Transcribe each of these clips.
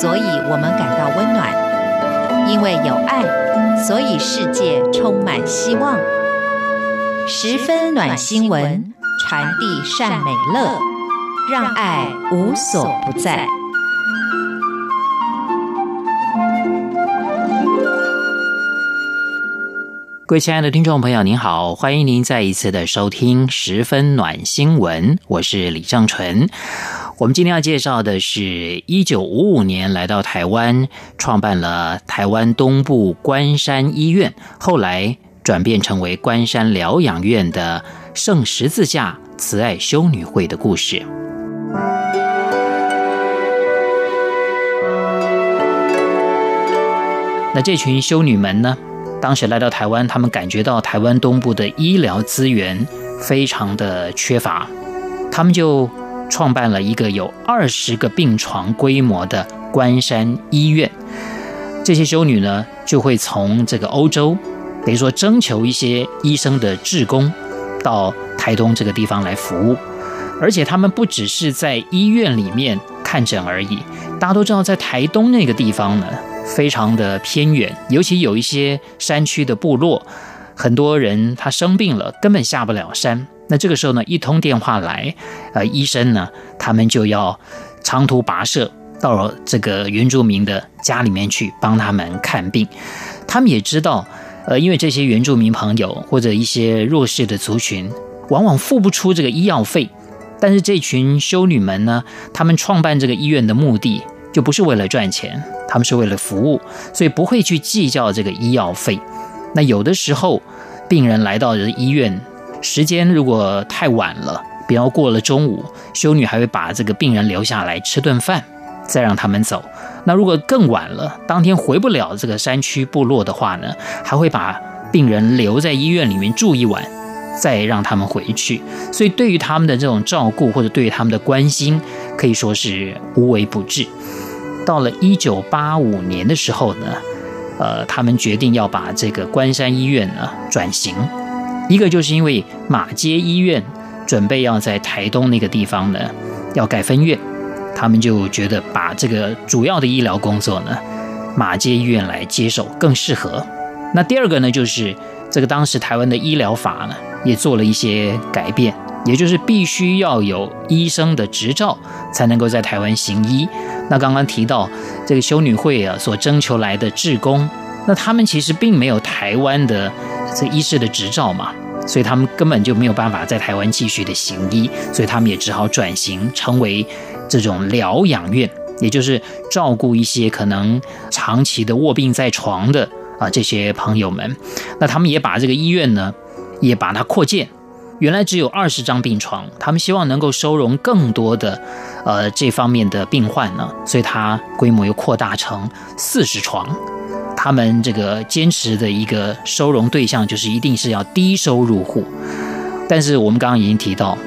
所以我們感到溫暖，因為有愛，所以世界充滿希望。十分暖新聞，傳遞善美樂，讓愛無所不在。各位親愛的聽眾朋友，您好，歡迎您再一次的收聽《十分暖新聞》，我是李尚純。我們今天要介紹的是一九五五年來到台灣，創辦了台灣東部關山醫院，後來轉變成為關山療養院的聖十字架慈愛修女會的故事。那這群修女們呢，當時來到台灣，他們感覺到台灣東部的醫療資源非常的缺乏，他們就，創辦了一個有二十個病床規模的關山醫院，這些修女呢，就會從這個歐洲，比如說徵求一些醫生的志工，到台東這個地方來服務。而且他們不只是在醫院裡面看診而已。大家都知道，在台東那個地方呢，非常的偏遠，尤其有一些山區的部落，很多人他生病了根本下不了山。那這個時候呢，一通電話來，呃，醫生呢，他們就要長途跋涉到這個原住民的家裡面去幫他們看病。他們也知道，呃，因為這些原住民朋友或者一些弱勢的族群，往往付不出這個醫藥費。但是這群修女們呢，他們創辦這個醫院的目的就不是為了賺錢，他們是為了服務，所以不會去計較這個醫藥費。那有的時候，病人來到這個醫院，時間如果太晚了，比方過了中午，修女還會把這個病人留下來吃頓飯，再讓他們走。那如果更晚了，當天回不了這個山區部落的話呢，還會把病人留在醫院裡面住一晚，再讓他們回去。所以，對於他們的這種照顧或者對於他們的關心，可以說是無微不至。到了一九八五年的時候呢，呃，他們決定要把這個關山醫院呢轉型。一個就是因為馬偕醫院準備要在台東那個地方呢，要蓋分院，他們就覺得把這個主要的醫療工作呢，馬偕醫院來接手更適合。那第二個呢，就是這個當時台灣的醫療法呢，也做了一些改變，也就是必須要有醫生的執照才能夠在台灣行醫。那剛剛提到這個修女會啊，所徵求來的志工，那他們其實並沒有台灣的。這醫師的執照嘛，所以他們根本就沒有辦法在台灣繼續的行醫，所以他們也只好轉型成為這種療養院，也就是照顧一些可能長期的臥病在床的啊這些朋友們。那他們也把這個醫院呢，也把它擴建，原來只有二十張病床，他們希望能夠收容更多的呃這方面的病患呢，所以它規模又擴大成四十床。他們這個堅持的一個收容對象，就是一定是要低收入戶。但是我們剛剛已經提到，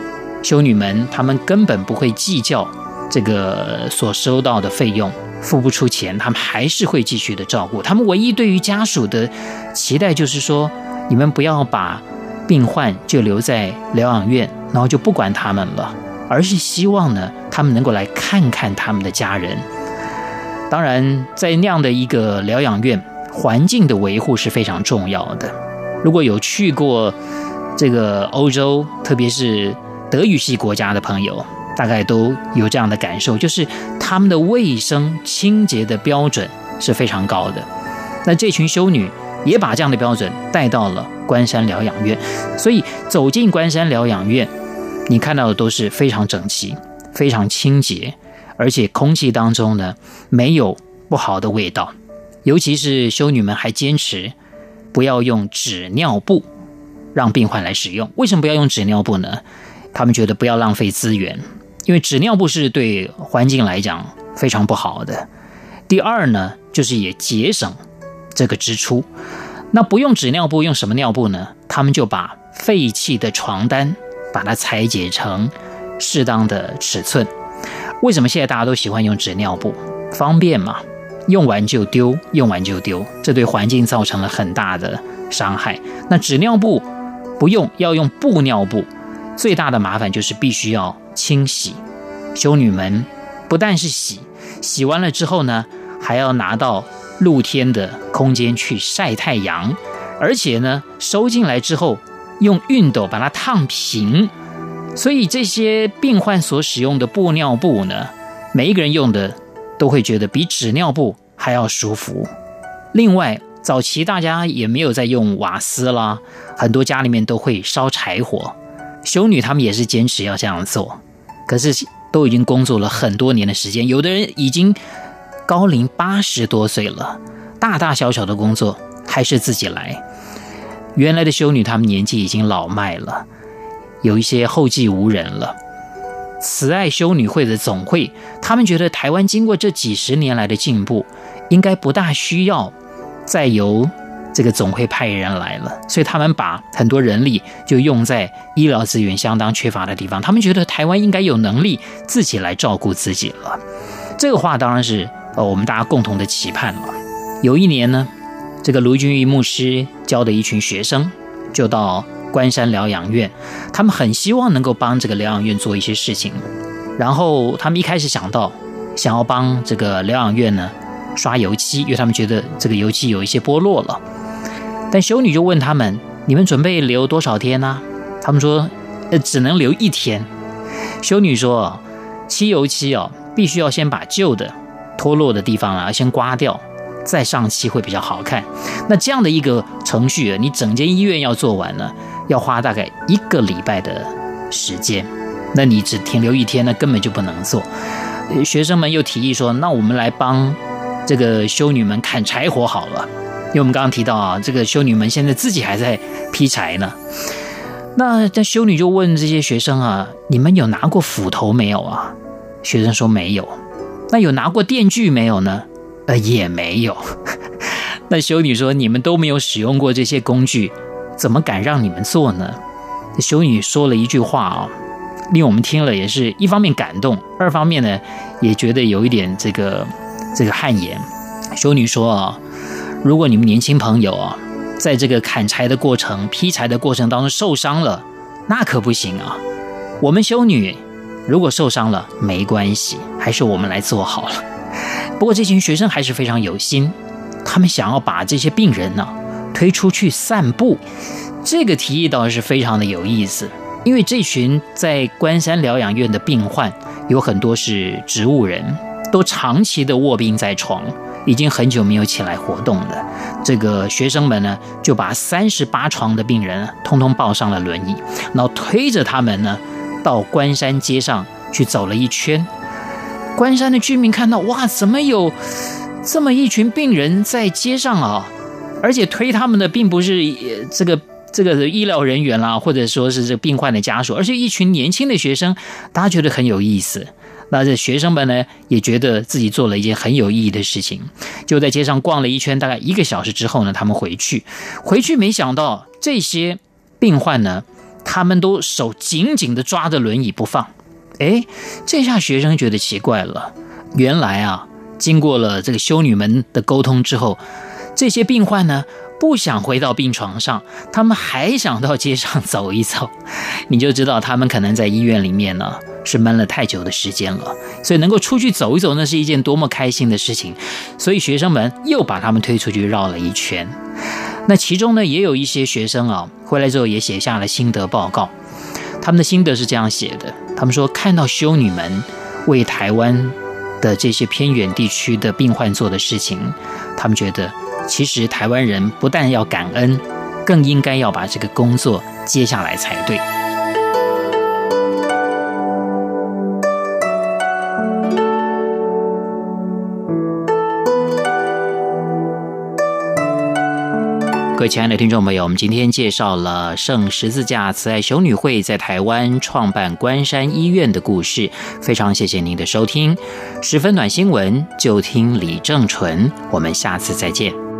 修女們她們根本不會計較這個所收到的費用，付不出錢，她們還是會繼續的照顧。她們唯一對於家屬的期待，就是說你們不要把病患就留在療養院，然後就不管他們了，而是希望呢，他們能夠來看看他們的家人。當然，在那樣的一個療養院，環境的維護是非常重要的。如果有去過這個歐洲，特別是德語系國家的朋友，大概都有這樣的感受，就是他們的衛生清潔的標準是非常高的。那這群修女也把這樣的標準帶到了關山療養院，所以走進關山療養院，你看到的都是非常整齊、非常清潔。而且空氣當中呢，沒有不好的味道，尤其是修女們還堅持不要用紙尿布讓病患來使用。為什麼不要用紙尿布呢？他們覺得不要浪費資源，因為紙尿布是對環境來講非常不好的。第二呢，就是也節省這個支出。那不用紙尿布，用什麼尿布呢？他們就把廢棄的床單把它裁剪成適當的尺寸。為什麼現在大家都喜歡用紙尿布？方便嘛，用完就丟，用完就丟，這對環境造成了很大的傷害。那紙尿布不用，要用布尿布，最大的麻煩就是必須要清洗。修女們不但是洗，洗完了之後呢，還要拿到露天的空間去曬太陽，而且呢，收進來之後用熨斗把它燙平。所以這些病患所使用的布尿布呢，每一個人用的都會覺得比紙尿布還要舒服。另外，早期大家也沒有在用瓦斯啦，很多家裡面都會燒柴火。修女她們也是堅持要這樣做，可是都已經工作了很多年的時間，有的人已經高齡八十多歲了，大大小小的工作還是自己來。原來的修女她們年紀已經老邁了。有一些後繼無人了。慈愛修女會的總會，他們覺得台灣經過這幾十年來的進步，應該不大需要再由這個總會派人來了。所以他們把很多人力就用在醫療資源相當缺乏的地方。他們覺得台灣應該有能力自己來照顧自己了。這個話當然是，呃，我們大家共同的期盼了。有一年呢，這個盧俊義牧師教的一群學生就到。關山療養院，他們很希望能夠幫這個療養院做一些事情，然後他們一開始想到想要幫這個療養院呢，刷油漆，因為他們覺得這個油漆有一些剝落了。但修女就問他們：“你們準備留多少天呢、啊？”他們說：“呃，只能留一天。”修女說：“漆油漆啊、哦，必須要先把舊的脫落的地方啊先刮掉，再上漆會比較好看。那這樣的一個程序、啊，你整間醫院要做完呢？”要花大概一個禮拜的時間，那你只停留一天，那根本就不能做。學生們又提議說：“那我們來幫這個修女們砍柴火好了。”因為我們剛剛提到啊，這個修女們現在自己還在劈柴呢。那那修女就問這些學生啊：“你們有拿過斧頭沒有啊？”學生說：“沒有。”那有拿過電鋸沒有呢？呃，也沒有。 那修女說：“你們都沒有使用過這些工具。”怎麼敢讓你們做呢？修女說了一句話啊，令我們聽了也是一方面感動，二方面呢，也覺得有一點這個這個汗顏。修女說啊，如果你們年輕朋友啊，在這個砍柴的過程、劈柴的過程當中受傷了，那可不行啊。我們修女如果受傷了，沒關係，還是我們來做好了。不過這群學生還是非常有心，他們想要把這些病人呢、啊。推出去散步，這個提議倒是非常的有意思。因為這群在關山療養院的病患，有很多是植物人，都長期的臥病在床，已經很久沒有起來活動了。這個學生們呢，就把三十八床的病人啊，通通抱上了輪椅，然後推着他們呢，到關山街上去走了一圈。關山的居民看到，哇，怎麼有這麼一群病人在街上啊？而且推他們的並不是這個這個醫療人員啦，或者說是這個病患的家屬，而是一群年輕的學生。大家覺得很有意思，那這學生們呢，也覺得自己做了一件很有意義的事情。就在街上逛了一圈，大概一個小時之後呢，他們回去，回去沒想到這些病患呢，他們都手緊緊地抓着輪椅不放。哎，這下學生覺得奇怪了，原來啊，經過了這個修女們的溝通之後，這些病患呢，不想回到病床上，他們還想到街上走一走，你就知道他們可能在醫院裡面呢、啊、是悶了太久的時間了，所以能夠出去走一走，那是一件多麼開心的事情。所以學生們又把他們推出去繞了一圈。那其中呢，也有一些學生啊，回來之後也寫下了心得報告。他們的心得是這樣寫的：他們說，看到修女們為台灣的這些偏遠地區的病患做的事情，他們覺得。其實台灣人不但要感恩，更應該要把這個工作接下來才對。各位親愛的聽眾朋友，我們今天介紹了聖十字架慈愛修女會在台灣創辦關山醫院的故事，非常謝謝您的收聽，十分暖新聞就聽李正淳，我們下次再見。